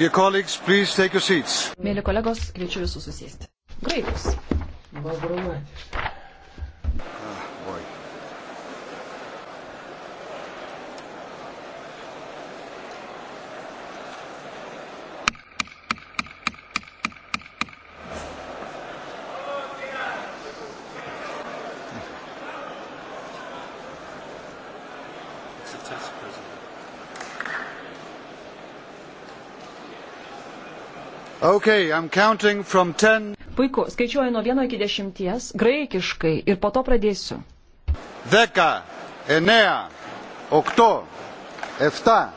Mėly kolegos, kviečiu visus susėsti. Graikus. Balgrumatiškai. Okay, ten... Puiku, skaičiuoju nuo 1 iki 10 graikiškai ir po to pradėsiu. 10, 9, 8, 7,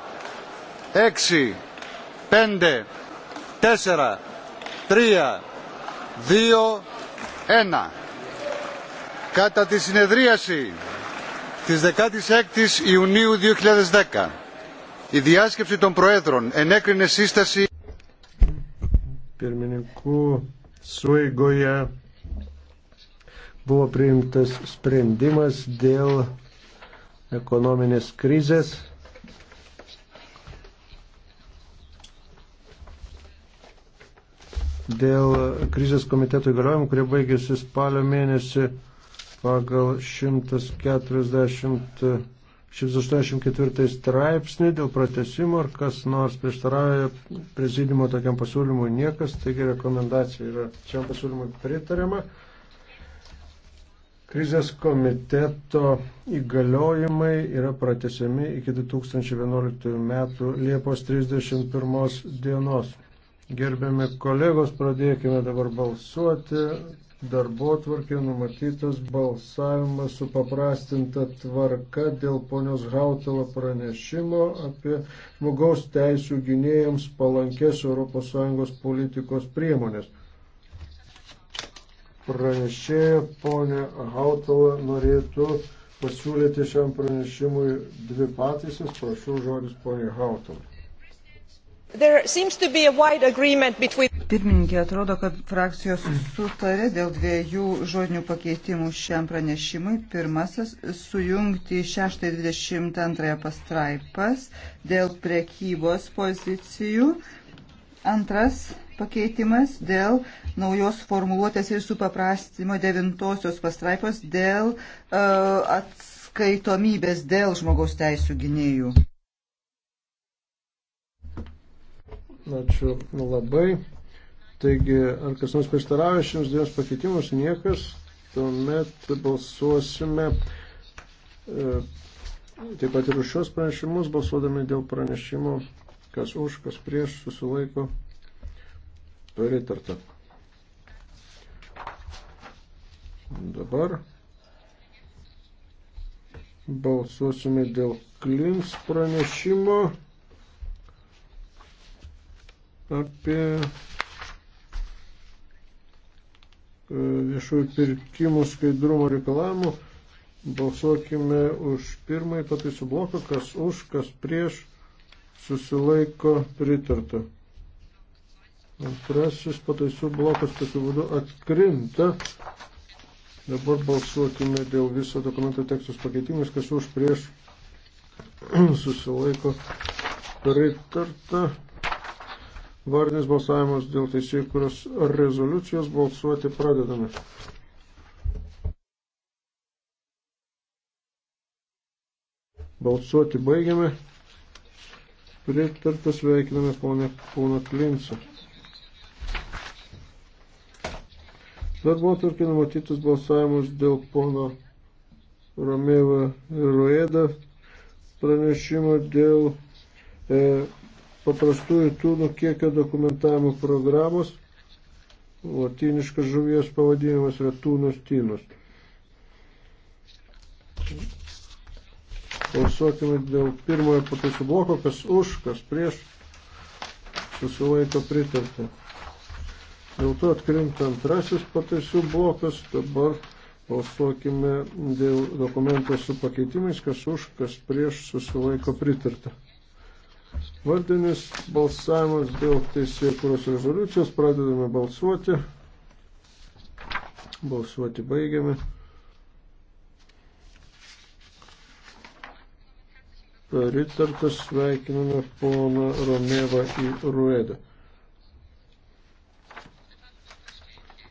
6, 5, 4, 3, 2, 1. Κατά τη συνεδρίαση της 16ης Ιουνίου 2010 η διάσκεψη των Προέδρων ενέκρινε σύσταση pirmininkų suigoje buvo priimtas sprendimas dėl ekonominės krizės. Dėl krizės komiteto įgaliojimų, kurie baigėsi spalio mėnesį pagal 140 184 straipsnį dėl pratesimo, ar kas nors prieštarauja prezidimo tokiam pasiūlymui niekas, taigi rekomendacija yra šiam pasiūlymui pritariama. Krizės komiteto įgaliojimai yra pratesiami iki 2011 metų Liepos 31 dienos. Gerbiami kolegos, pradėkime dabar balsuoti darbo tvarkė numatytas balsavimas su paprastinta tvarka dėl ponios Hautela pranešimo apie žmogaus teisų gynėjams palankės ES politikos priemonės. Pranešėja ponė Hautela norėtų pasiūlyti šiam pranešimui dvi pataisas. Prašau žodis ponė Hautela. Between... Pirmininkė, atrodo, kad frakcijos sutarė dėl dviejų žodinių pakeitimų šiam pranešimui. Pirmasis - sujungti 6.22 pastraipas dėl prekybos pozicijų. Antras pakeitimas dėl naujos formuluotės ir supaprastimo devintosios pastraipos dėl uh, atskaitomybės dėl žmogaus teisų gynėjų. Ačiū labai. Taigi, ar kas nors prieštarauja šiems dviems pakeitimus? Niekas. Tuomet balsuosime e, taip pat ir už šios pranešimus, balsuodami dėl pranešimo, kas už, kas prieš, susilaiko. Pritarta. Dabar balsuosime dėl Klins pranešimo apie e, viešųjų pirkimų skaidrumo reikalavimų. Balsuokime už pirmąjį pataisų bloką, kas už, kas prieš, susilaiko pritarta. Antrasis pataisų blokas tokiu būdu atkrinta. Dabar balsuokime dėl viso dokumento tekstus pakeitimus, kas už prieš susilaiko pritarta. Vardinis balsavimas dėl teisėjų, kurios rezoliucijos balsuoti pradedame. Balsuoti baigiame. Pritartas veikiname ponę Kūną Klinsą. Darbo atvarkė numatytas balsavimas dėl pono Romėva Rueda pranešimo dėl e, paprastųjų tūnų kiekio dokumentavimo programos. Latiniškas žuvies pavadinimas yra tūnus tynus. Balsuokime dėl pirmojo pataisų bloko, kas už, kas prieš, susilaiko pritarti. Dėl to atkrinta antrasis pataisų blokas, dabar balsuokime dėl dokumento su pakeitimais, kas už, kas prieš, susilaiko pritarti. Vardinis balsavimas dėl teisėkūros rezoliucijos. Pradedame balsuoti. Balsuoti baigiame. Ritartas sveikiname poną Romevą į Ruedą.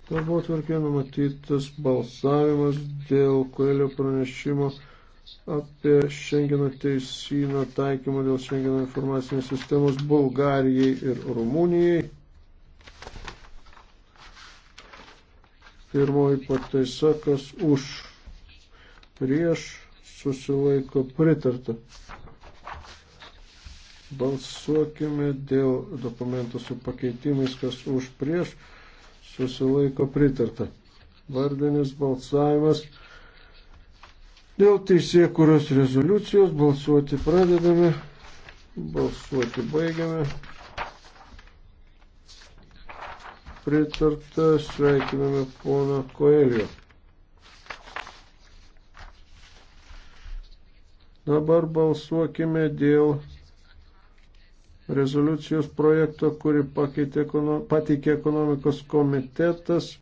Darbo tvarkė numatytas balsavimas dėl koelio pranešimo apie Šengeno teisino taikymą dėl Šengeno informacinės sistemos Bulgarijai ir Rumunijai. Pirmoji pataisa, kas už prieš susilaiko pritarta. Balsuokime dėl dokumentų su pakeitimais, kas už prieš susilaiko pritarta. Vardinis balsavimas. Dėl teisė, kurios rezoliucijos balsuoti pradedame, balsuoti baigiame. Pritarta, sveikiname poną Koelio. Dabar balsuokime dėl rezoliucijos projekto, kurį pateikė ekonomikos komitetas.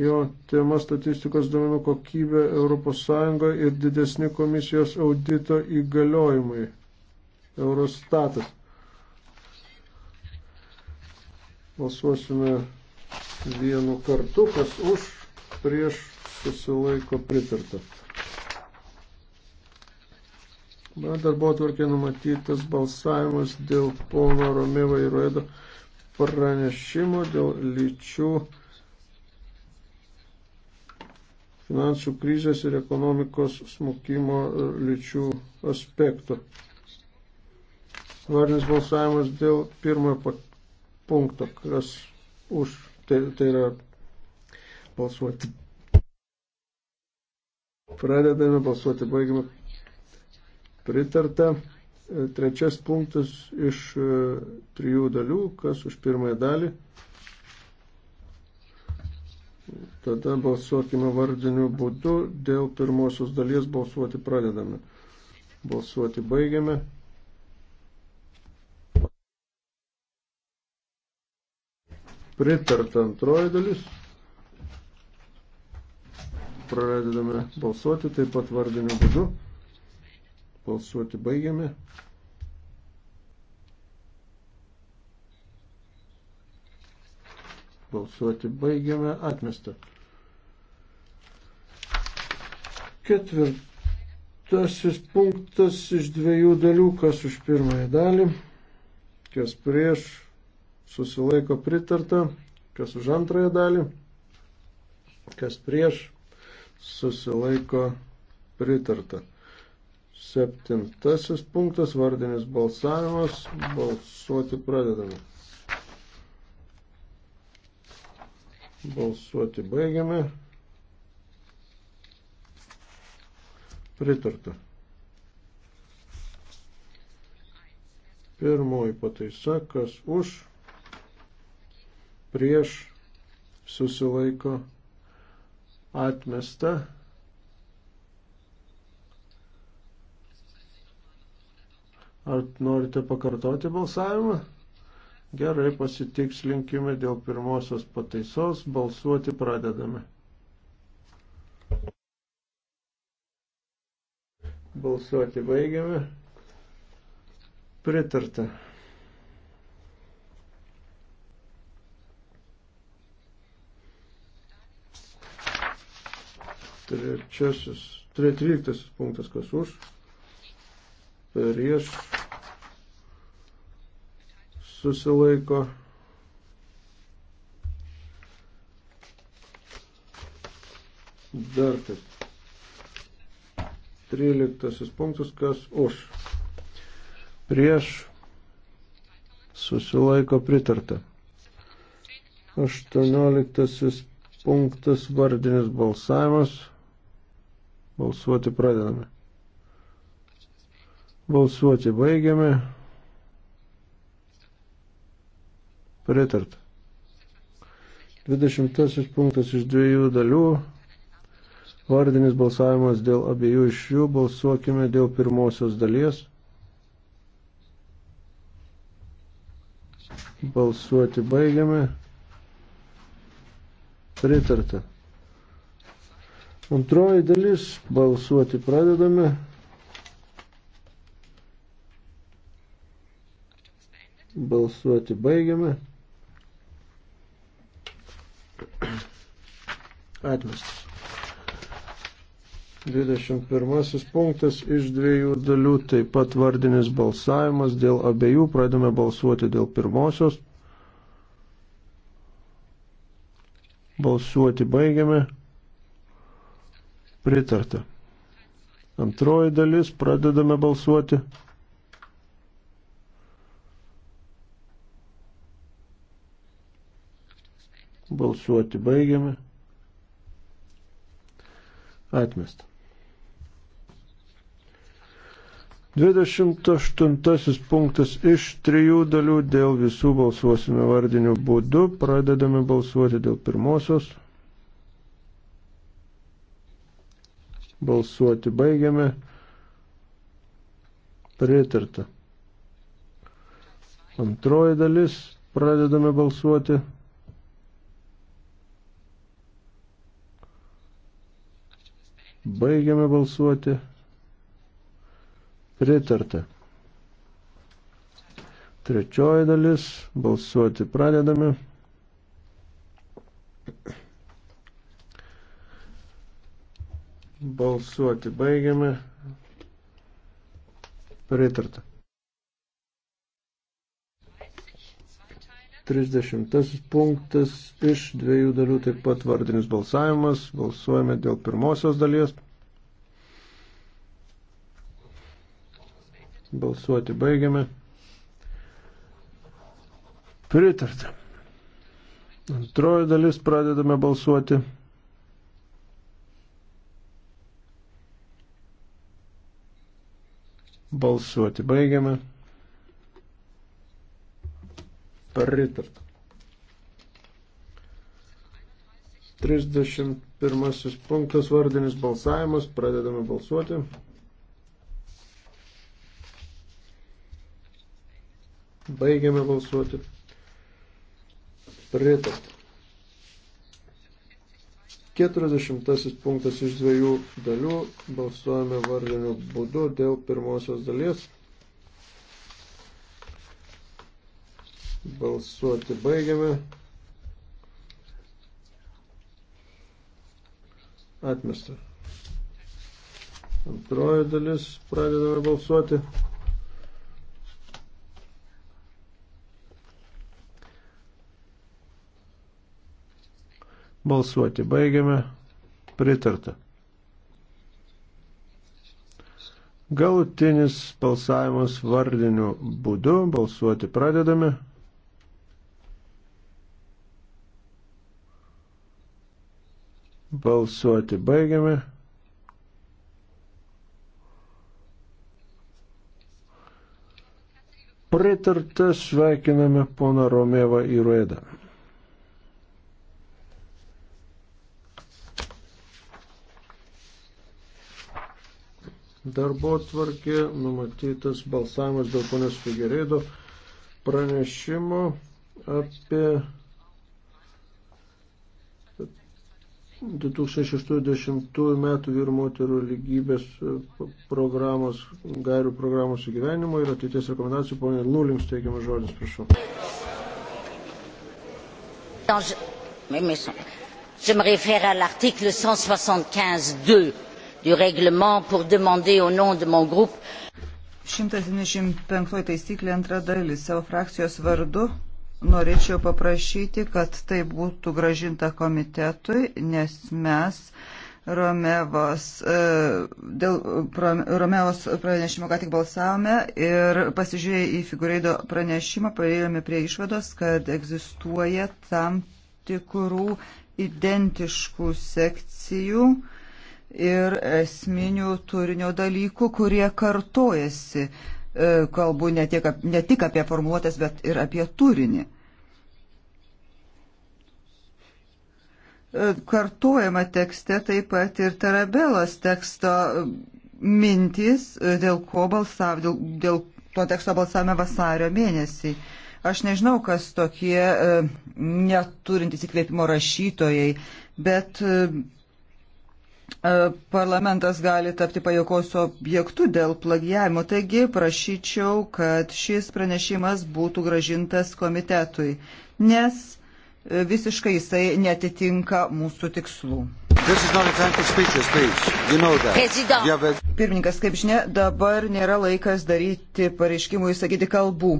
Jo tema statistikos duomenų kokybė ES ir didesni komisijos audito įgaliojimai. Eurostatas. Balsuosime vienu kartu, kas už, prieš, susilaiko pritarta. Na, dar buvo tvarkiai numatytas balsavimas dėl pono Romėva ir Ruedo pranešimo dėl lyčių finansų krizės ir ekonomikos smukimo e, lyčių aspektų. Varnis balsavimas dėl pirmojo punkto, kas už, tai, tai yra balsuoti. Pradedame balsuoti, baigime. Pritarta. E, trečias punktas iš e, trijų dalių, kas už pirmąją dalį. Tada balsuokime vardiniu būdu. Dėl pirmosios dalies balsuoti pradedame. Balsuoti baigiame. Pritarta antroji dalis. Pradedame balsuoti taip pat vardiniu būdu. Balsuoti baigiame. Balsuoti baigiame atmestą. Ketvirtasis punktas iš dviejų dalių, kas už pirmąją dalį, kas prieš susilaiko pritarta, kas už antrąją dalį, kas prieš susilaiko pritarta. Septintasis punktas, vardinis balsavimas, balsuoti pradedame. Balsuoti baigiame. Pritarta. Pirmoji pataisa, kas už, prieš, susilaiko, atmesta. Ar norite pakartoti balsavimą? Gerai, pasitikslinkime dėl pirmosios pataisos, balsuoti pradedame. Balsuoti baigiame. Pritarta. Trečiasis, tretvyliktasis punktas, kas už, prieš, susilaiko. Dar kas. 13 punktas, kas už. Prieš susilaiko pritarta. 18 punktas vardinis balsavimas. Balsuoti pradedame. Balsuoti baigiame. Pritarta. 20 punktas iš dviejų dalių. Vardinis balsavimas dėl abiejų iš jų. Balsuokime dėl pirmosios dalies. Balsuoti baigiame. Pritarta. Antroji dalis. Balsuoti pradedame. Balsuoti baigiame. Atmestas. 21 punktas iš dviejų dalių, taip pat vardinis balsavimas dėl abiejų, pradame balsuoti dėl pirmosios. Balsuoti baigiame. Pritarta. Antroji dalis, pradedame balsuoti. Balsuoti baigiame. Atmesta. 28 punktas iš trijų dalių dėl visų balsuosime vardiniu būdu. Pradedame balsuoti dėl pirmosios. Balsuoti baigiame. Pritarta. Antroji dalis. Pradedame balsuoti. Baigiame balsuoti. Pritarta. Trečioji dalis. Balsuoti pradedame. Balsuoti baigiame. Pritarta. 30 punktas iš dviejų dalių taip pat vardinis balsavimas. Balsuojame dėl pirmosios dalies. Balsuoti baigiame. Pritarta. Antroji dalis pradedame balsuoti. Balsuoti baigiame pritarta. 31 punktas vardinis balsavimas, pradedame balsuoti. Baigiame balsuoti. Pritarta. 40 punktas iš dviejų dalių, balsuojame vardiniu būdu dėl pirmosios dalies. Balsuoti baigiame. Atmesta. Antroji dalis pradedame balsuoti. Balsuoti baigiame. Pritarta. Galutinis balsavimas vardiniu būdu. Balsuoti pradedame. Balsuoti baigiame. Pritartas sveikiname poną Romėvą į Ruedą. Darbo tvarkė numatytas balsavimas dėl ponios Figerėdo pranešimo apie 2060 metų vyrų moterų lygybės e, programos, gairių programos įgyvenimo ir ateities rekomendacijų. Pone Lūlings teikiamas žodis, prašau. Je me réfère à l'article 175.2 du règlement pour demander au nom de mon groupe 175 taisyklė antra dalis savo frakcijos vardu norėčiau paprašyti, kad tai būtų gražinta komitetui, nes mes Romevos, e, dėl Romevos pranešimo ką tik balsavome ir pasižiūrėję į figureido pranešimą, parėjome prie išvados, kad egzistuoja tam tikrų identiškų sekcijų ir esminių turinio dalykų, kurie kartojasi. E, kalbu ne, tiek, ne tik apie formuotės, bet ir apie turinį. E, Kartuojama tekste taip pat ir Tarabelos teksto mintys, e, dėl ko balsav, dėl, dėl to teksto balsavome vasario mėnesį. Aš nežinau, kas tokie neturintys įkvėpimo rašytojai, bet E, parlamentas gali tapti pajokos objektu dėl plagijavimo. Taigi prašyčiau, kad šis pranešimas būtų gražintas komitetui, nes e, visiškai jisai netitinka mūsų tikslų. You know Pirmininkas, kaip žinia, dabar nėra laikas daryti pareiškimų, įsakyti kalbų.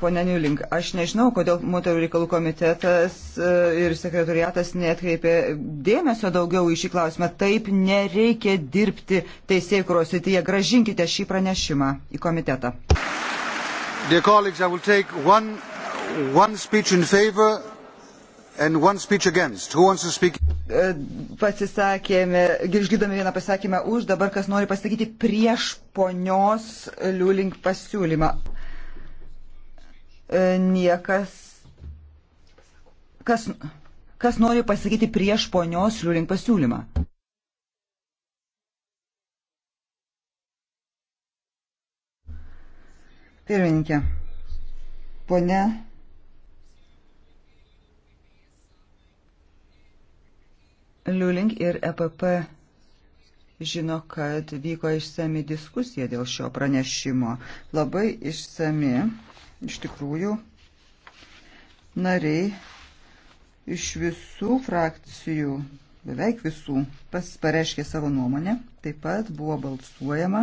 Pone Niulink, aš nežinau, kodėl moterų reikalų komitetas e, ir sekretariatas netkreipė dėmesio daugiau į šį klausimą. Taip nereikia dirbti teisėjų kurosityje. Gražinkite šį pranešimą į komitetą. One, one e, Pasisakėme, išgirdome vieną pasakymą už, dabar kas nori pasakyti prieš ponios Liulink pasiūlymą. E, niekas, kas, kas nori pasakyti prieš ponios Liulink pasiūlymą. Pirmininkė, ponia Liulink ir EPP žino, kad vyko išsami diskusija dėl šio pranešimo. Labai išsami. Iš tikrųjų, nariai iš visų frakcijų, beveik visų, pareiškė savo nuomonę. Taip pat buvo balsuojama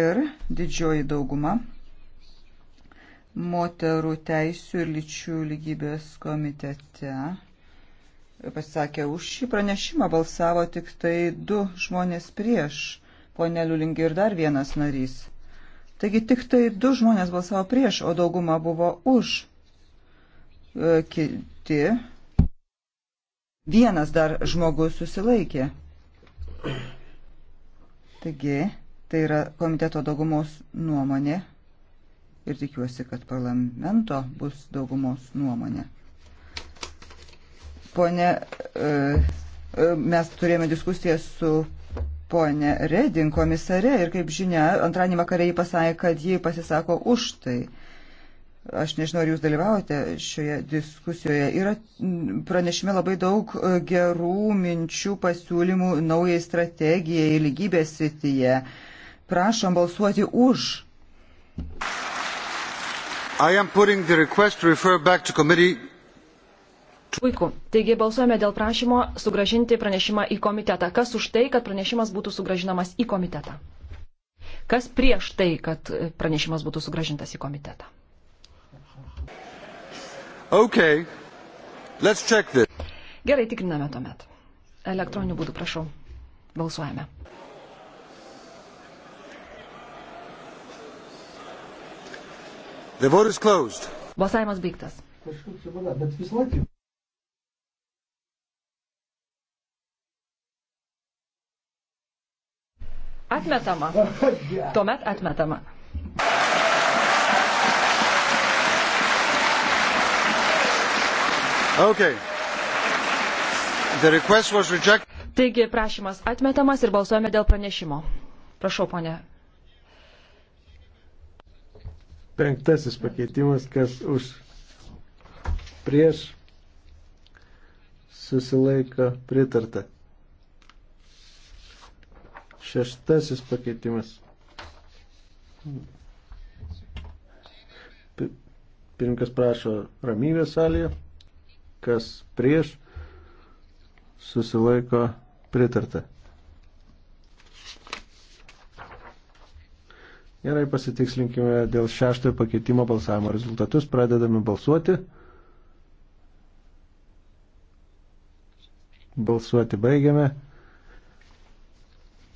ir didžioji dauguma moterų teisų ir lyčių lygybės komitete pasisakė už šį pranešimą, balsavo tik tai du žmonės prieš, ponelių lingi ir dar vienas narys. Taigi tik tai du žmonės balsavo prieš, o dauguma buvo už. E, kiti. Vienas dar žmogus susilaikė. Taigi, tai yra komiteto daugumos nuomonė ir tikiuosi, kad parlamento bus daugumos nuomonė. Pone, e, e, mes turėjome diskusiją su ponė Redin komisare ir kaip žinia, antradienį vakarą jį pasakė, kad jį pasisako už tai. Aš nežinau, ar jūs dalyvaujate šioje diskusijoje. Yra pranešime labai daug e, gerų minčių, pasiūlymų naujai strategijai lygybės srityje. Prašom balsuoti už. I am putting the request to refer back to committee Puiku. Taigi balsuojame dėl prašymo sugražinti pranešimą į komitetą. Kas už tai, kad pranešimas būtų sugražinamas į komitetą? Kas prieš tai, kad pranešimas būtų sugražintas į komitetą? Okay. Let's check this. Gerai, tikriname tuomet. Elektroniniu būdu, prašau. Balsuojame. The vote is closed. Balsavimas baigtas. Kažkaip čia, bet vis laikiau. Atmetama. Tuomet atmetama. Okay. The request was rejected. Taigi prašymas atmetamas ir balsuojame dėl pranešimo. Prašau, ponė. Penktasis pakeitimas, kas už prieš susilaiko pritarta. Šeštasis pakeitimas. Pirinkas prašo ramybės salėje, kas prieš susilaiko pritarta. Gerai, pasitikslinkime dėl šeštojo pakeitimo balsavimo rezultatus. Pradedame balsuoti. Balsuoti baigiame.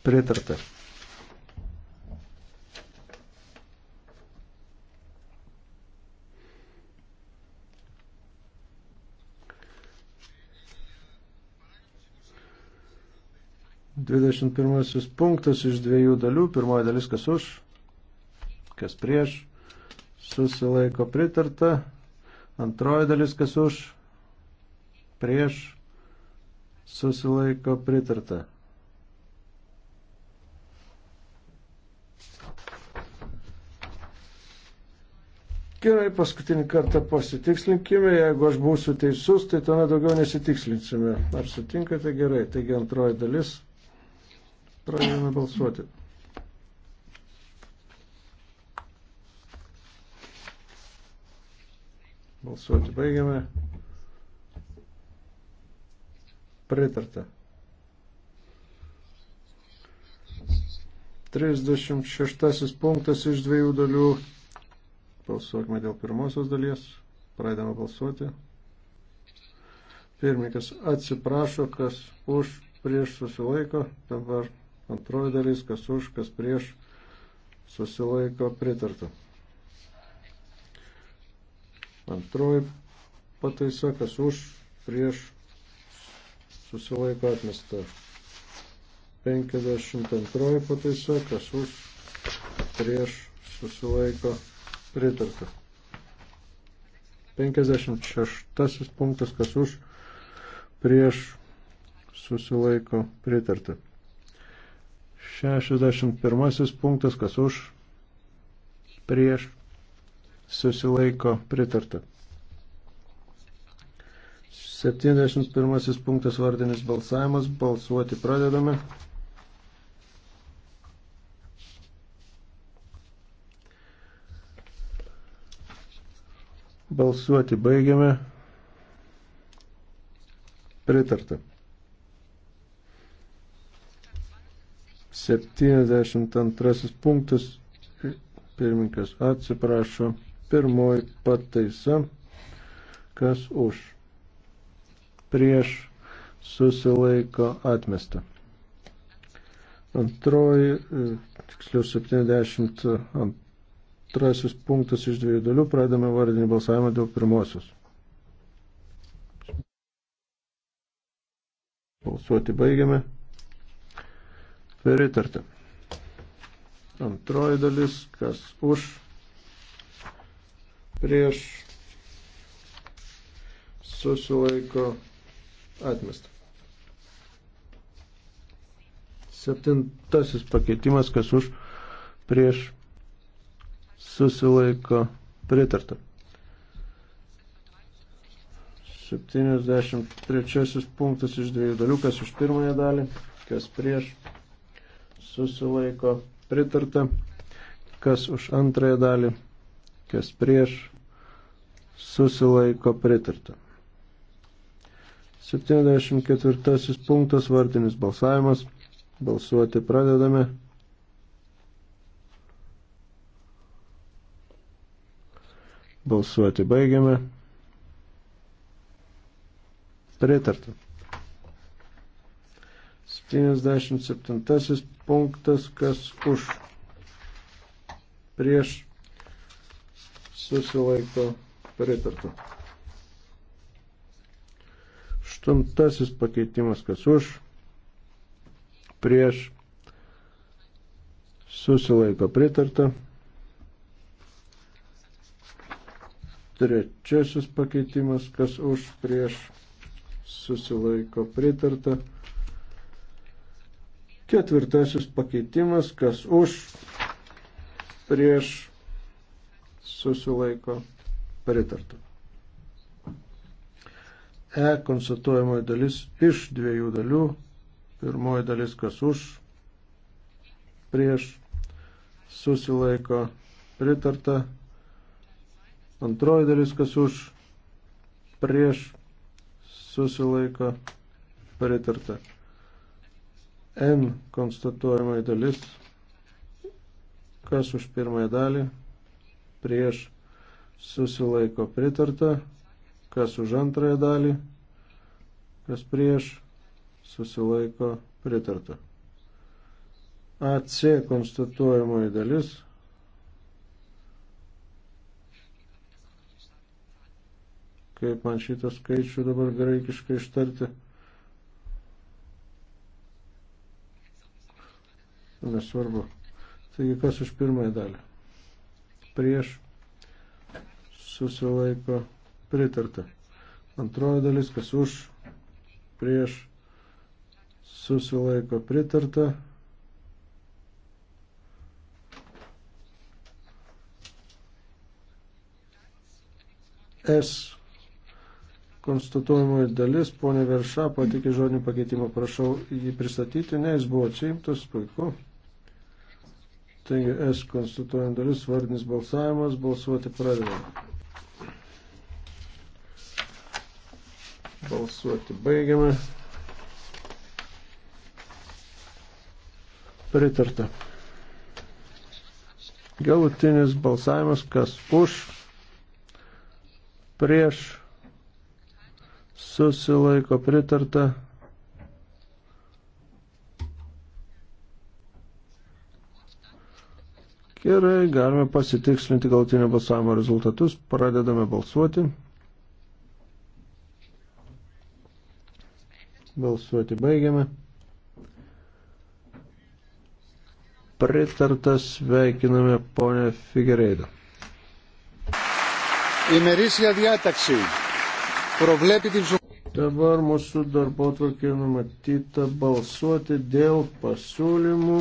Pritarta. Dvidešimt pirmasis punktas iš dviejų dalių. Pirmoji dalis kas už, kas prieš, susilaiko pritarta. Antroji dalis kas už, prieš, susilaiko pritarta. Gerai, paskutinį kartą pasitikslinkime, jeigu aš būsiu teisus, tai tuomet daugiau nesitikslinsime. Ar sutinkate gerai? Taigi antroji dalis. Pradėjome balsuoti. Balsuoti baigiame. Pritarta. 36 punktas iš dviejų dalių Balsuokime dėl pirmosios dalies. Pradedame balsuoti. Pirmininkas atsiprašo, kas už prieš susilaiko. Dabar antroji dalis, kas už, kas prieš susilaiko pritarta. Antroji pataisa, kas už, prieš susilaiko atmesta. 52 pataisa, kas už, prieš susilaiko atmesta pritarta. 56 punktas, kas už, prieš, susilaiko, pritarta. 61 punktas, kas už, prieš, susilaiko, pritarta. 71 punktas vardinis balsavimas, balsuoti pradedame. Balsuoti baigiame. Pritarta. 72 punktas. Pirmininkas atsiprašo. Pirmoji pataisa. Kas už? Prieš susilaiko atmesta. Antroji, tiksliau 72 Antrasis punktas iš dviejų dalių. Pradame vardinį balsavimą dėl pirmosios. Balsuoti baigiame. Pritarta. Antroji dalis, kas už, prieš, susilaiko, atmesta. Septintasis pakeitimas, kas už, prieš, prieš susilaiko pritarta. 73 punktas iš dviejų dalių, kas už pirmąją dalį, kas prieš, susilaiko pritarta, kas už antrąją dalį, kas prieš, susilaiko pritarta. 74 punktas vardinis balsavimas. Balsuoti pradedame. Balsuoti baigiame. Pritarta. 77 punktas, kas už prieš susilaiko pritarta. Aštuntasis pakeitimas, kas už prieš susilaiko pritarta. Trečiasis pakeitimas, kas už prieš susilaiko pritarta. Ketvirtasis pakeitimas, kas už prieš susilaiko pritarta. E konstatuojamoji dalis iš dviejų dalių. Pirmoji dalis, kas už prieš susilaiko pritarta. Antroji dalis, kas už prieš susilaiko pritarta. M konstatuojamai dalis, kas už pirmąją dalį prieš susilaiko pritarta, kas už antrąją dalį, kas prieš susilaiko pritarta. AC konstatuojamoji dalis, kaip man šitą skaičių dabar graikiškai ištarti. Nesvarbu. Taigi, kas už pirmąją dalį? Prieš susilaiko pritarta. Antroji dalis, kas už, prieš susilaiko pritarta. S konstatuojamoji dalis, ponė Verša patikė žodinį pakeitimą, prašau jį pristatyti, ne, jis buvo atsiimtas, puiku. Taigi S konstatuojam dalis, vardinis balsavimas, balsuoti pradedame. Balsuoti baigiame. Pritarta. Galutinis balsavimas, kas už, prieš, susilaiko pritarta. Gerai, galime pasitikslinti galtinio balsavimo rezultatus. Pradedame balsuoti. Balsuoti baigiame. Pritartas sveikiname ponę Figereidą. Ημερήσια διάταξη προβλέπει την Dabar mūsų darbo tvarkė numatyta balsuoti dėl pasiūlymų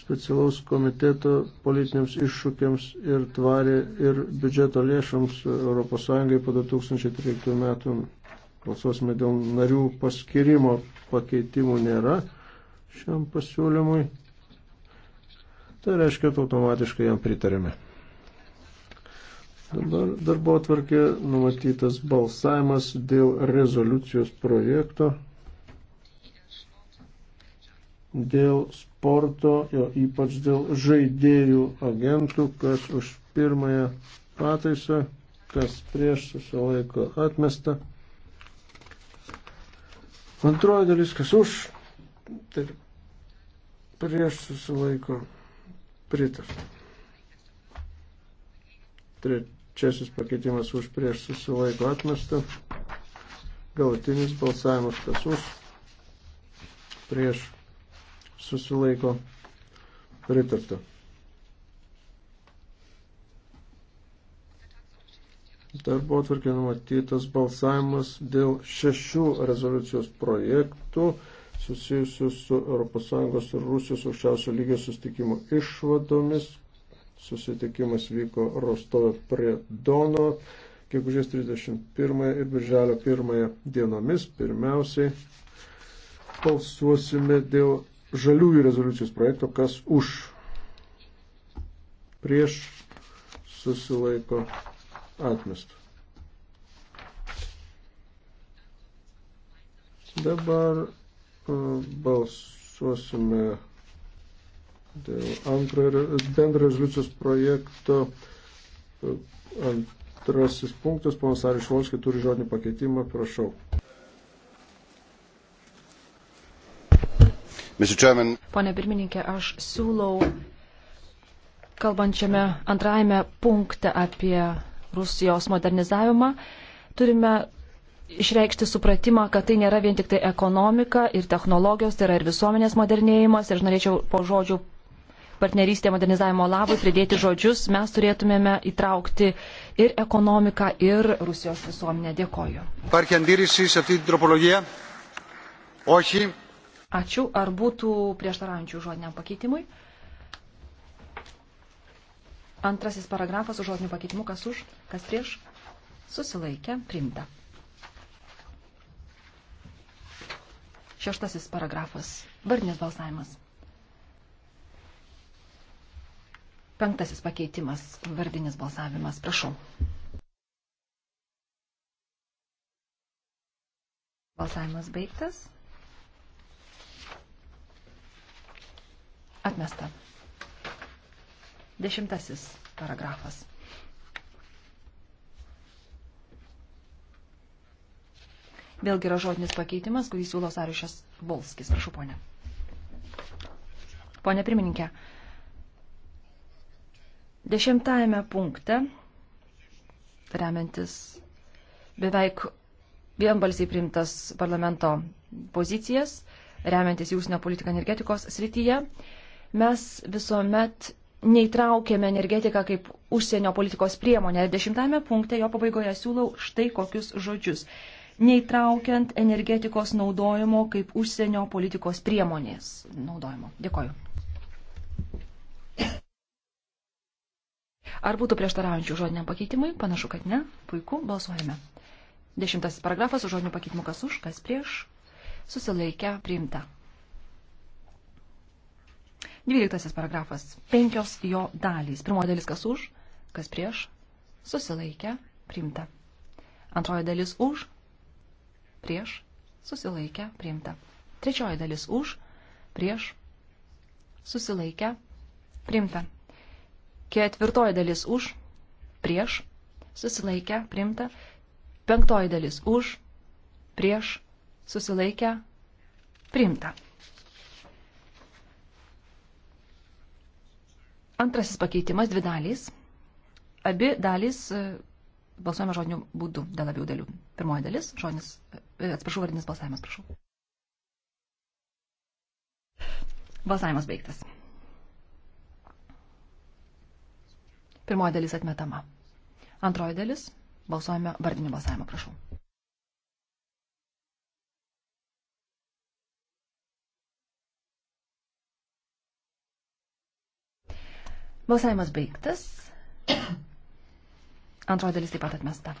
specialaus komiteto politiniams iššūkiams ir tvarė ir biudžeto lėšams ES po 2013 metų. Balsuosime dėl narių paskirimo pakeitimų nėra šiam pasiūlymui. Tai reiškia, automatiškai jam pritarėme. Dabar darbo atvarkė numatytas balsavimas dėl rezoliucijos projekto dėl sporto, jo ypač dėl žaidėjų agentų, kas už pirmąją pataisą, kas prieš susilaiko atmesta. Antroji dalis, kas už, tai prieš susilaiko pritarta. Trečia Čia šis pakeitimas už prieš susilaiko atmesta. Galutinis balsavimas kas už prieš susilaiko pritarta. Darbo atvarkė numatytas balsavimas dėl šešių rezoliucijos projektų susijusių su ES ir Rusijos aukščiausio lygio sustikimo išvadomis, susitikimas vyko Rostove prie Dono, kiekužės 31 ir birželio 1 dienomis. Pirmiausiai balsuosime dėl žaliųjų rezoliucijos projekto, kas už prieš susilaiko atmestų. Dabar uh, balsuosime dėl antrojo bendro rezoliucijos projekto e, antrasis punktas, ponas Aris Volskis turi žodinį pakeitimą, prašau. Pone pirmininkė, aš siūlau, kalbančiame antrajame punkte apie Rusijos modernizavimą, turime išreikšti supratimą, kad tai nėra vien tik tai ekonomika ir technologijos, tai yra ir visuomenės modernėjimas. Ir aš norėčiau po žodžių partnerystė modernizavimo labui pridėti žodžius, mes turėtumėme įtraukti ir ekonomiką, ir Rusijos visuomenę. Dėkoju. Ačiū. Ar būtų prieštaraujančių žodiniam pakeitimui? Antrasis paragrafas su žodiniu pakeitimu, kas už, kas prieš, susilaikė, primta. Šeštasis paragrafas. Vardinis balsavimas. Penktasis pakeitimas, vardinis balsavimas. Prašau. Balsavimas baigtas. Atmesta. Dešimtasis paragrafas. Vėlgi yra žodinis pakeitimas, kurį siūlo Sariušas Volskis. Prašau, ponė. Pone pirmininkė, Dešimtajame punkte, remiantis beveik vienbalsiai priimtas parlamento pozicijas, remiantis į užsienio politiką energetikos srityje, mes visuomet neįtraukėme energetiką kaip užsienio politikos priemonę. Dešimtame punkte jo pabaigoje siūlau štai kokius žodžius. Neįtraukiant energetikos naudojimo kaip užsienio politikos priemonės naudojimo. Dėkoju. Ar būtų prieštaraujančių žodiniam pakeitimui? Panašu, kad ne. Puiku, balsuojame. Dešimtasis paragrafas su žodiniu pakeitimu kas už, kas prieš. Susilaikę priimta. Dvyliktasis paragrafas. Penkios jo dalys. Pirmoji dalis kas už, kas prieš. Susilaikę priimta. Antroji dalis už, prieš. Susilaikę priimta. Trečioji dalis už, prieš. Susilaikę priimta. Ketvirtoji dalis už, prieš, susilaikę, primta. Penktoji dalis už, prieš, susilaikę, primta. Antrasis pakeitimas dvi dalys. Abi dalys e, balsuojame žodiniu būdu dėl abiejų dalių. Pirmoji dalis, žodinis, e, atsiprašau, vardinis balsavimas, prašau. Balsavimas baigtas. Pirmoji dalis atmetama. Antroji dalis balsuojame vardinį balsavimą, prašau. Balsavimas baigtas. Antroji dalis taip pat atmesta.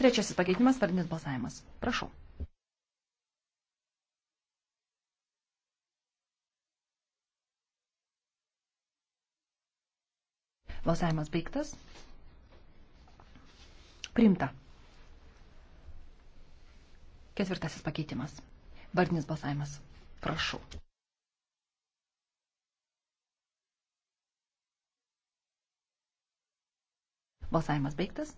Trečiasis pakeitimas, vardinis balsavimas. Prašau. Balsavimas baigtas. Primta. Ketvirtasis pakeitimas. Vardinis balsavimas. Prašau. Balsavimas baigtas.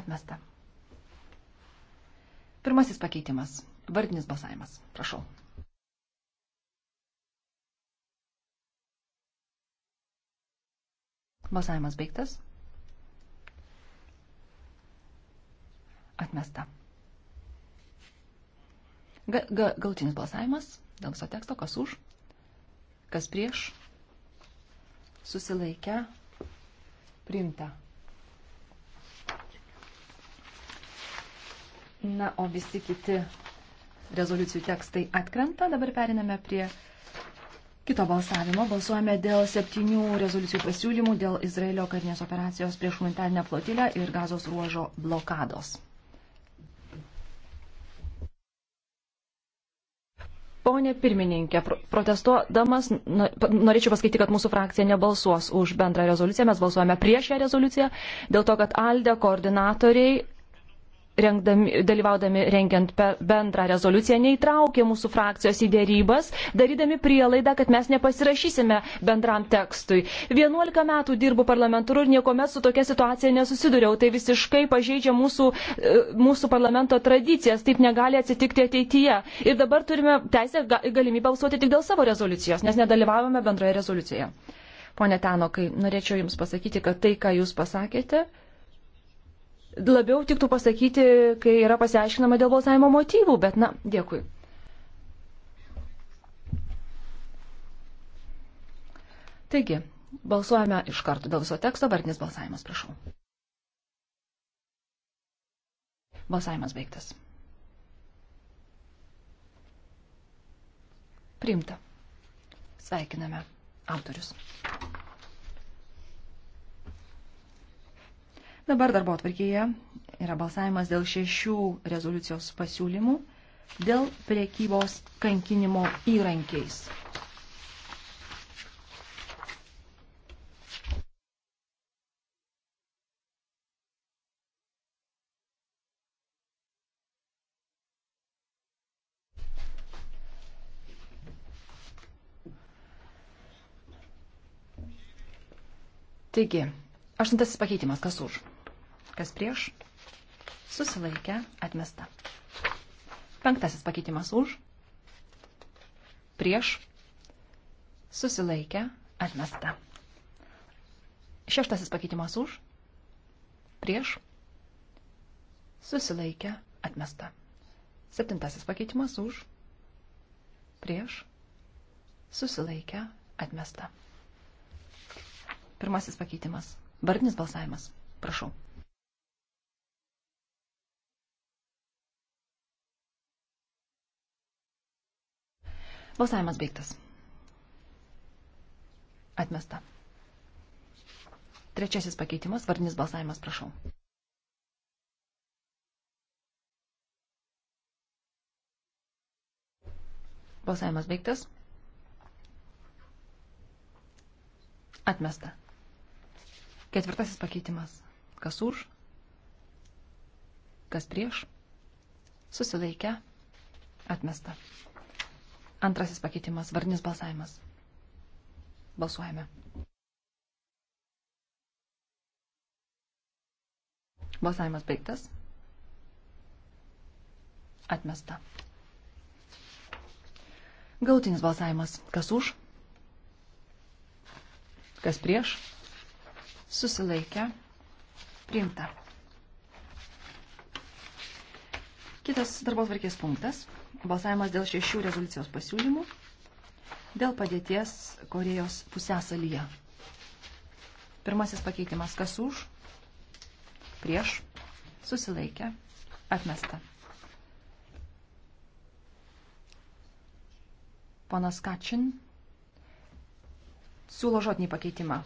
Atmesta. Pirmasis pakeitimas. Vardinis balsavimas. Prašau. Balsavimas baigtas. Atmesta. Ga, ga, galtinis balsavimas dėl viso teksto, kas už, kas prieš, susilaikę, priimta. Na, o visi kiti rezoliucijų tekstai atkrenta. Dabar periname prie kito balsavimo. Balsuojame dėl septynių rezoliucijų pasiūlymų dėl Izraelio karinės operacijos prieš humanitarinę flotilę ir gazos ruožo blokados. Pone pirmininkė, protestuodamas, norėčiau pasakyti, kad mūsų frakcija nebalsuos už bendrą rezoliuciją, mes balsuojame prieš šią rezoliuciją, dėl to, kad ALDE koordinatoriai rengdami, dalyvaudami rengiant bendrą rezoliuciją, neįtraukė mūsų frakcijos į dėrybas, darydami prielaidą, kad mes nepasirašysime bendram tekstui. 11 metų dirbu parlamentaru ir niekuomet su tokia situacija nesusiduriau. Tai visiškai pažeidžia mūsų, e, mūsų parlamento tradicijas. Taip negali atsitikti ateityje. Ir dabar turime teisę galimybę balsuoti tik dėl savo rezoliucijos, nes nedalyvavome bendroje rezoliucijoje. Pone Tenokai, norėčiau Jums pasakyti, kad tai, ką Jūs pasakėte, labiau tiktų pasakyti, kai yra pasiaiškinama dėl balsavimo motyvų, bet na, dėkui. Taigi, balsuojame iš karto dėl viso teksto, vardinis balsavimas, prašau. Balsavimas baigtas. Priimta. Sveikiname autorius. Dabar darbo atvarkyje yra balsavimas dėl šešių rezoliucijos pasiūlymų dėl priekybos kankinimo įrankiais. Taigi, aštuntasis pakeitimas, kas už? kas prieš, susilaikę, atmesta. Penktasis pakeitimas už, prieš, susilaikę, atmesta. Šeštasis pakeitimas už, prieš, susilaikę, atmesta. Septintasis pakeitimas už, prieš, susilaikę, atmesta. Pirmasis pakeitimas. Vardinis balsavimas. Prašau. Balsavimas baigtas. Atmesta. Trečiasis pakeitimas, vardinis balsavimas, prašau. Balsavimas baigtas. Atmesta. Ketvirtasis pakeitimas. Kas už? Kas prieš? Susilaikę. Atmesta. Antrasis pakeitimas, vardinis balsavimas. Balsuojame. Balsavimas baigtas. Atmesta. Gautinis balsavimas. Kas už? Kas prieš? Susilaikę. Priimta. Kitas darbos varkės punktas balsavimas dėl šešių rezoliucijos pasiūlymų dėl padėties Korejos pusęsalyje. Pirmasis pakeitimas kas už, prieš, susilaikė, atmesta. Ponas Kačin siūlo žodinį pakeitimą.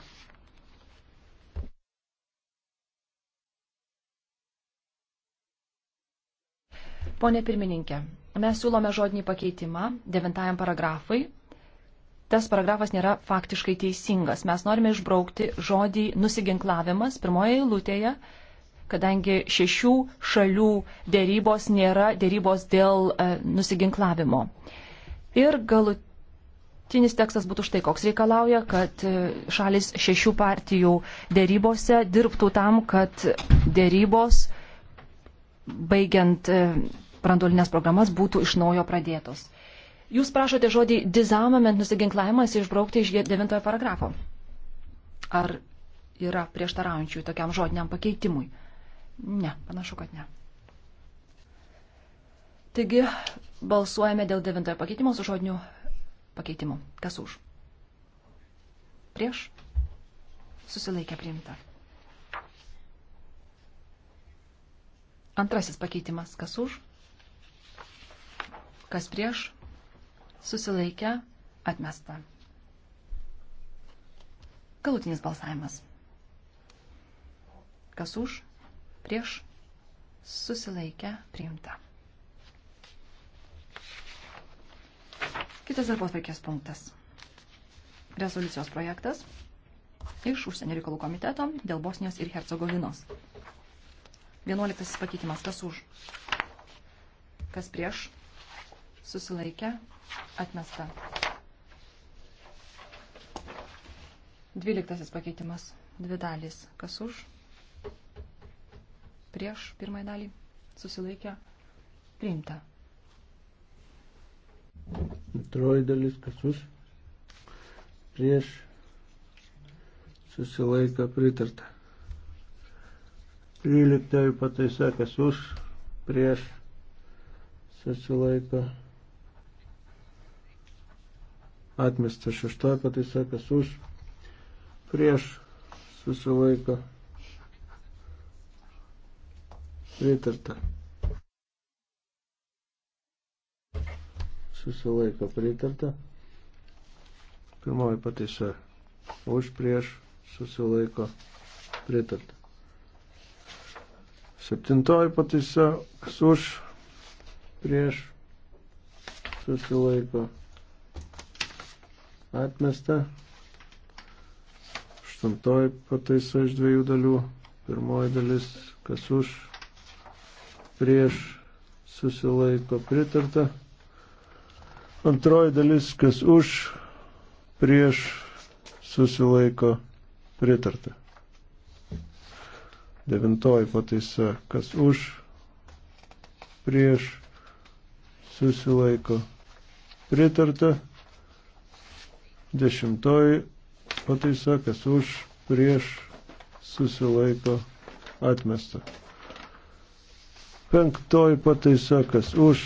Pone pirmininkė, Mes siūlome žodinį pakeitimą devintajam paragrafui. Tas paragrafas nėra faktiškai teisingas. Mes norime išbraukti žodį nusiginklavimas pirmoje eilutėje, kadangi šešių šalių dėrybos nėra dėrybos dėl e, nusiginklavimo. Ir galutinis tekstas būtų štai koks reikalauja, kad e, šalis šešių partijų dėrybose dirbtų tam, kad dėrybos baigiant e, branduolinės programas būtų iš naujo pradėtos. Jūs prašote žodį disarmament nusiginklavimas išbraukti iš devintojo paragrafo. Ar yra prieštaraujančių tokiam žodiniam pakeitimui? Ne, panašu, kad ne. Taigi balsuojame dėl devintojo pakeitimo su žodiniu pakeitimu. Kas už? Prieš? Susilaikė priimta. Antrasis pakeitimas. Kas už? Kas prieš? Susilaikę? Atmesta. Galutinis balsavimas. Kas už? Prieš? Susilaikę? Priimta. Kitas darbos vaikės punktas. Rezoliucijos projektas iš užsienio reikalų komiteto dėl Bosnijos ir Hercegovinos. 11 pakeitimas. Kas už? Kas prieš? susilaikę, atmesta. Dvyliktasis pakeitimas. Dvi dalys. Kas už? Prieš pirmąją dalį. Susilaikę. Priimta. Antroji dalis. Kas už? Prieš. Susilaikę. Pritarta. Tryliktoji pataisa. Kas už? Prieš. Susilaikę. Pritarta atmestas šeštoji pataisa, kas už, prieš, susilaiko, pritarta. Susilaiko pritarta. Pirmoji pataisa, už, prieš, susilaiko, pritarta. Septintoji pataisa, kas už, prieš, susilaiko, pritarta atmesta. Aštuntoji pataisa iš dviejų dalių. Pirmoji dalis, kas už, prieš, susilaiko pritarta. Antroji dalis, kas už, prieš, susilaiko pritarta. Devintoji pataisa, kas už, prieš, susilaiko pritarta. Dešimtoji pataisa, kas už, prieš, susilaiko, atmesta. Penktoji pataisa, kas už,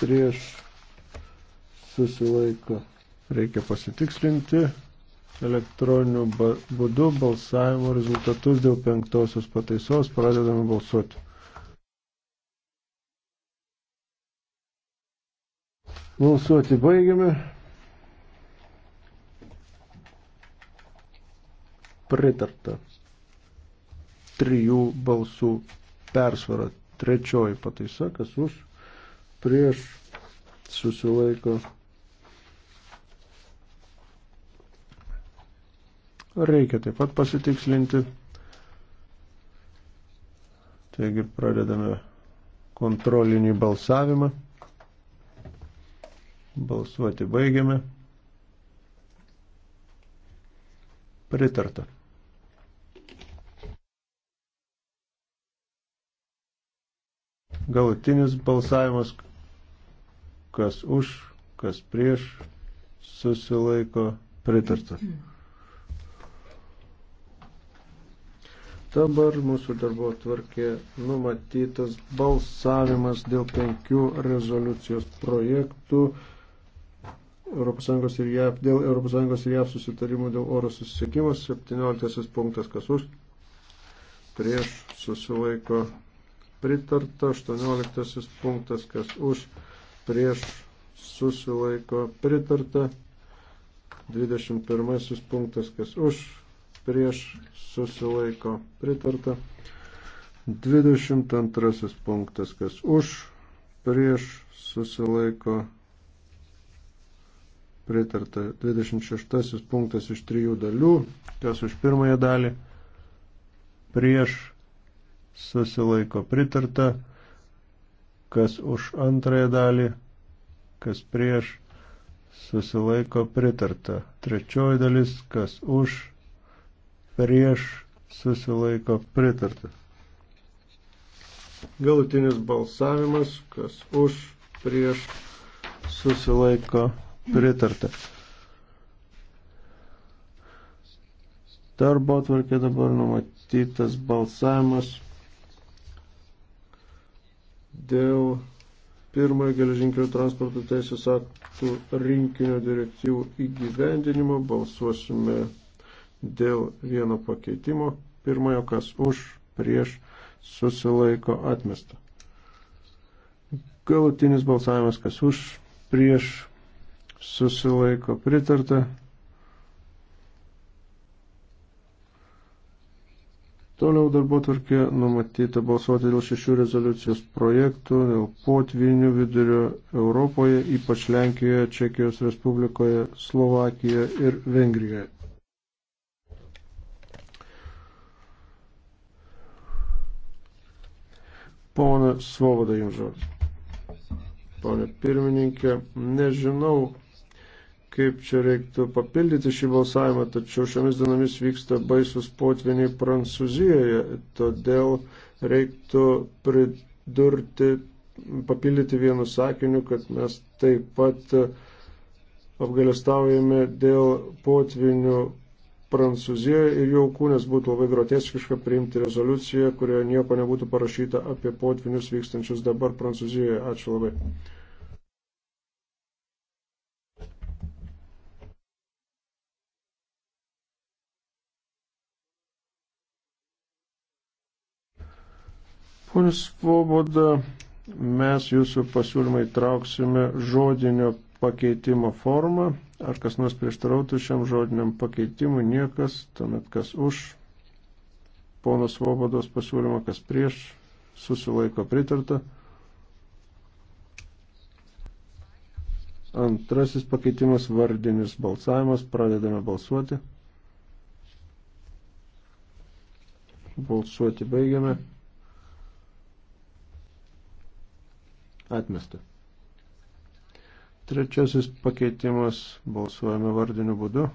prieš, susilaiko. Reikia pasitikslinti elektroniniu būdu balsavimo rezultatus dėl penktosios pataisos. Pradedame balsuoti. Balsuoti baigiame. pritarta. Trijų balsų persvara. Trečioji pataisa, kas už, prieš susilaiko. Reikia taip pat pasitikslinti. Taigi pradedame kontrolinį balsavimą. Balsuoti baigiame. Pritarta. Galutinis balsavimas, kas už, kas prieš, susilaiko pritarta. Dabar mūsų darbo tvarkė numatytas balsavimas dėl penkių rezoliucijos projektų ES ir JAV, dėl ES ir JAV susitarimų dėl oro susisiekimo. 17 punktas kas už. Prieš susilaiko pritarta, 18 punktas, kas už, prieš, susilaiko, pritarta, 21 punktas, kas už, prieš, susilaiko, pritarta, 22 punktas, kas už, prieš, susilaiko, pritarta, 26 punktas iš trijų dalių, kas už pirmąją dalį, prieš, susilaiko pritarta, kas už antrąją dalį, kas prieš, susilaiko pritarta. Trečioji dalis, kas už, prieš, susilaiko pritarta. Galutinis balsavimas, kas už, prieš, susilaiko pritarta. Darbo tvarkė dabar numatytas balsavimas dėl pirmojo geležinkelių transporto teisės aktų rinkinio direktyvų įgyvendinimo. Balsuosime dėl vieno pakeitimo. Pirmojo, kas už, prieš, susilaiko atmesta. Galutinis balsavimas, kas už, prieš, susilaiko pritarta. Toliau darbo tvarkė numatyta balsuoti dėl šešių rezoliucijos projektų, dėl potvinių vidurio Europoje, ypač Lenkijoje, Čekijos Respublikoje, Slovakijoje ir Vengrijoje. Pone Svoboda, jums žodis. Pone pirmininkė, nežinau, kaip čia reiktų papildyti šį balsavimą, tačiau šiomis dienomis vyksta baisus potviniai Prancūzijoje, todėl reiktų pridurti, papildyti vienu sakiniu, kad mes taip pat apgalestaujame dėl potvinių Prancūzijoje ir jau kūnės būtų labai groteskiška priimti rezoliuciją, kurioje nieko nebūtų parašyta apie potvinius vykstančius dabar Prancūzijoje. Ačiū labai. Pone Svoboda, mes jūsų pasiūlymą įtrauksime žodinio pakeitimo formą. Ar kas nors prieštarautų šiam žodiniam pakeitimui? Niekas. Tuomet kas už pono Svobodos pasiūlymą, kas prieš, susilaiko pritarta. Antrasis pakeitimas vardinis balsavimas. Pradedame balsuoti. Balsuoti baigiame. Atmesta. Trečiasis pakeitimas balsuojame vardiniu būdu.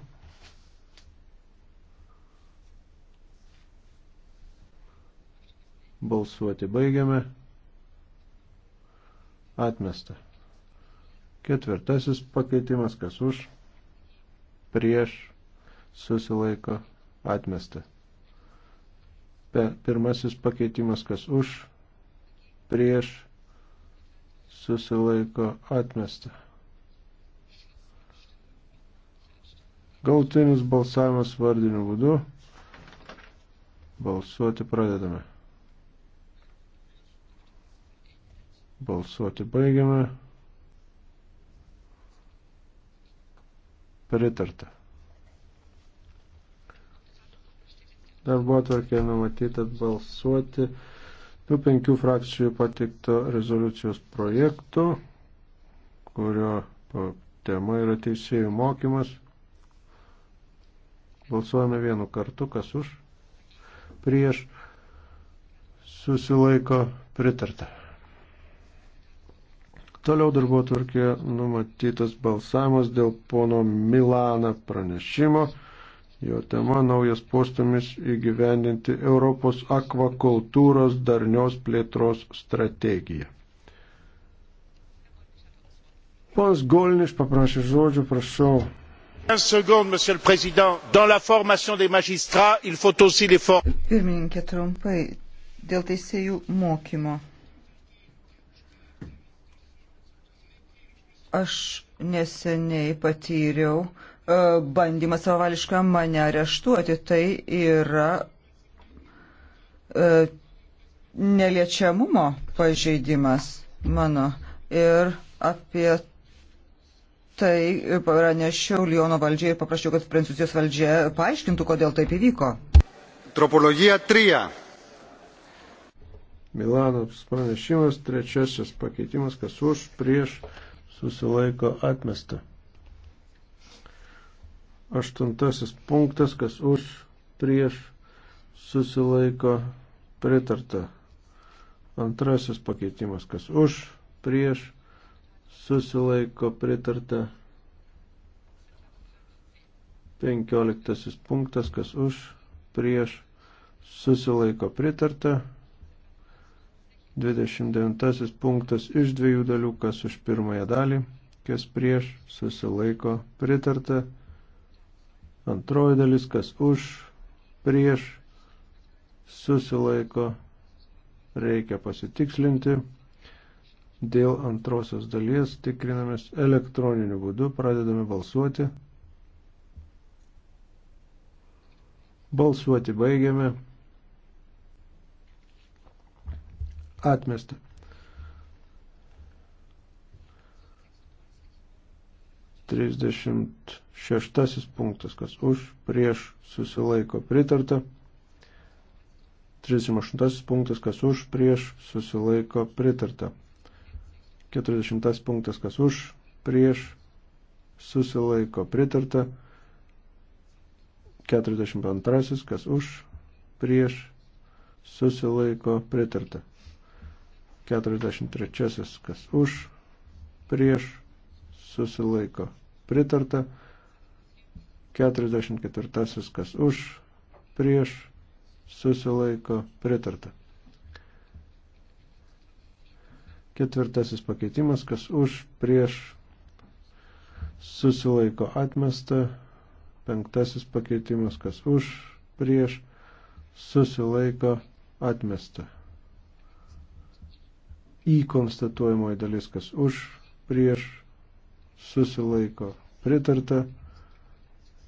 Balsuoti baigiame. Atmesta. Ketvirtasis pakeitimas, kas už, prieš, susilaiko, atmesta. Pe, pirmasis pakeitimas, kas už, prieš, susilaiko atmesta. Galtinis balsavimas vardiniu būdu. Balsuoti pradedame. Balsuoti baigiame. Pritarta. Darbo atvarkė numatyta balsuoti tų penkių frakcijų patikto rezoliucijos projekto, kurio tema yra teisėjų mokymas. Balsuojame vienu kartu, kas už, prieš, susilaiko pritarta. Toliau darbo tvarkė numatytas balsavimas dėl pono Milana pranešimo. Jo tema naujas postumis įgyvendinti Europos akvakultūros darnios plėtros strategiją. Pons Golniš paprašė žodžio, prašau. 15 secondes, Monsieur le Président. Dans la formation des magistrats, il faut aussi les former. Pirmininkė trumpai, dėl teisėjų mokymo. Aš neseniai patyriau uh, E, bandymas savavališką mane areštuoti. Tai yra e, neliečiamumo pažeidimas mano. Ir apie tai pranešiau Liono valdžiai ir paprašiau, kad Prancūzijos valdžia paaiškintų, kodėl taip įvyko. Tropologija 3. Milanos pranešimas, trečiasis pakeitimas, kas už, prieš, susilaiko atmesta. Aštuntasis punktas, kas už, prieš, susilaiko, pritarta. Antrasis pakeitimas, kas už, prieš, susilaiko, pritarta. Penkioliktasis punktas, kas už, prieš, susilaiko, pritarta. 29 punktas iš dviejų dalių, kas už pirmąją dalį, kas prieš, susilaiko, pritarta. Antroji dalis, kas už, prieš, susilaiko, reikia pasitikslinti. Dėl antrosios dalies tikrinamės elektroniniu būdu, pradedame balsuoti. Balsuoti baigiame. Atmesta. 36 punktas, kas už, prieš, susilaiko pritarta. 38 punktas, kas už, prieš, susilaiko pritarta. 40 punktas, kas už, prieš, susilaiko pritarta. 42, kas už, prieš, susilaiko pritarta. 43, kas už, prieš, susilaiko. Pritarta 44. Kas už, prieš, susilaiko. Pritarta. Ketvirtasis pakeitimas, kas už, prieš, susilaiko atmesta. Penktasis pakeitimas, kas už, prieš, susilaiko atmesta į konstatuojamoji dalis, kas už, prieš, susilaiko pritarta,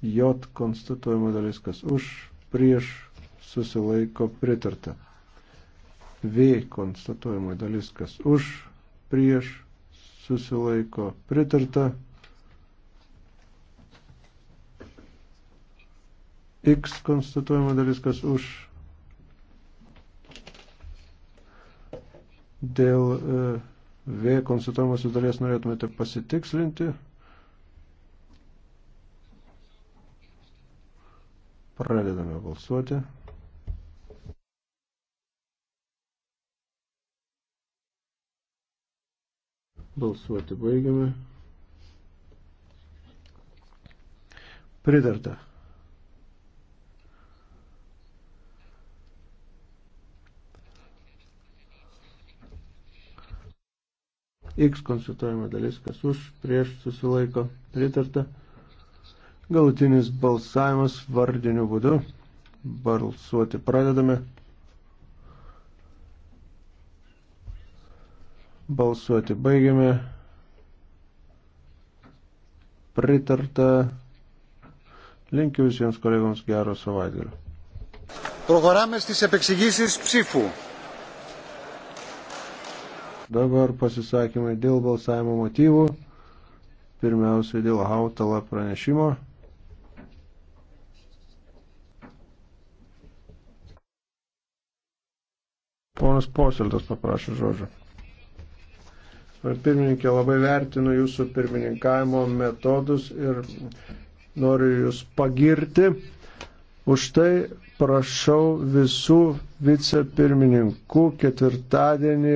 J konstatuojama dalis, kas už, prieš, susilaiko pritarta, V konstatuojama dalis, kas už, prieš, susilaiko pritarta, X konstatuojama dalis, kas už, dėl e, V konstatuojamosios dalies norėtumėte pasitikslinti. Pradedame balsuoti. Balsuoti baigiame. Pritarta. X konsultuojama dalis, kas už, prieš susilaiko pritarta. Galutinis balsavimas vardiniu būdu. Balsuoti pradedame. Balsuoti baigiame. Pritarta. Linkiu visiems kolegoms gero savaitgalio. Προχωράμε στις επεξηγήσεις ψήφου. Dabar pasisakymai dėl balsavimo motyvų. Pirmiausia, dėl Hautala pranešimo. Ponas Posildas paprašė žodžio. Pirmininkė, labai vertinu jūsų pirmininkavimo metodus ir noriu jūs pagirti. Už tai prašau visų vicepirmininkų ketvirtadienį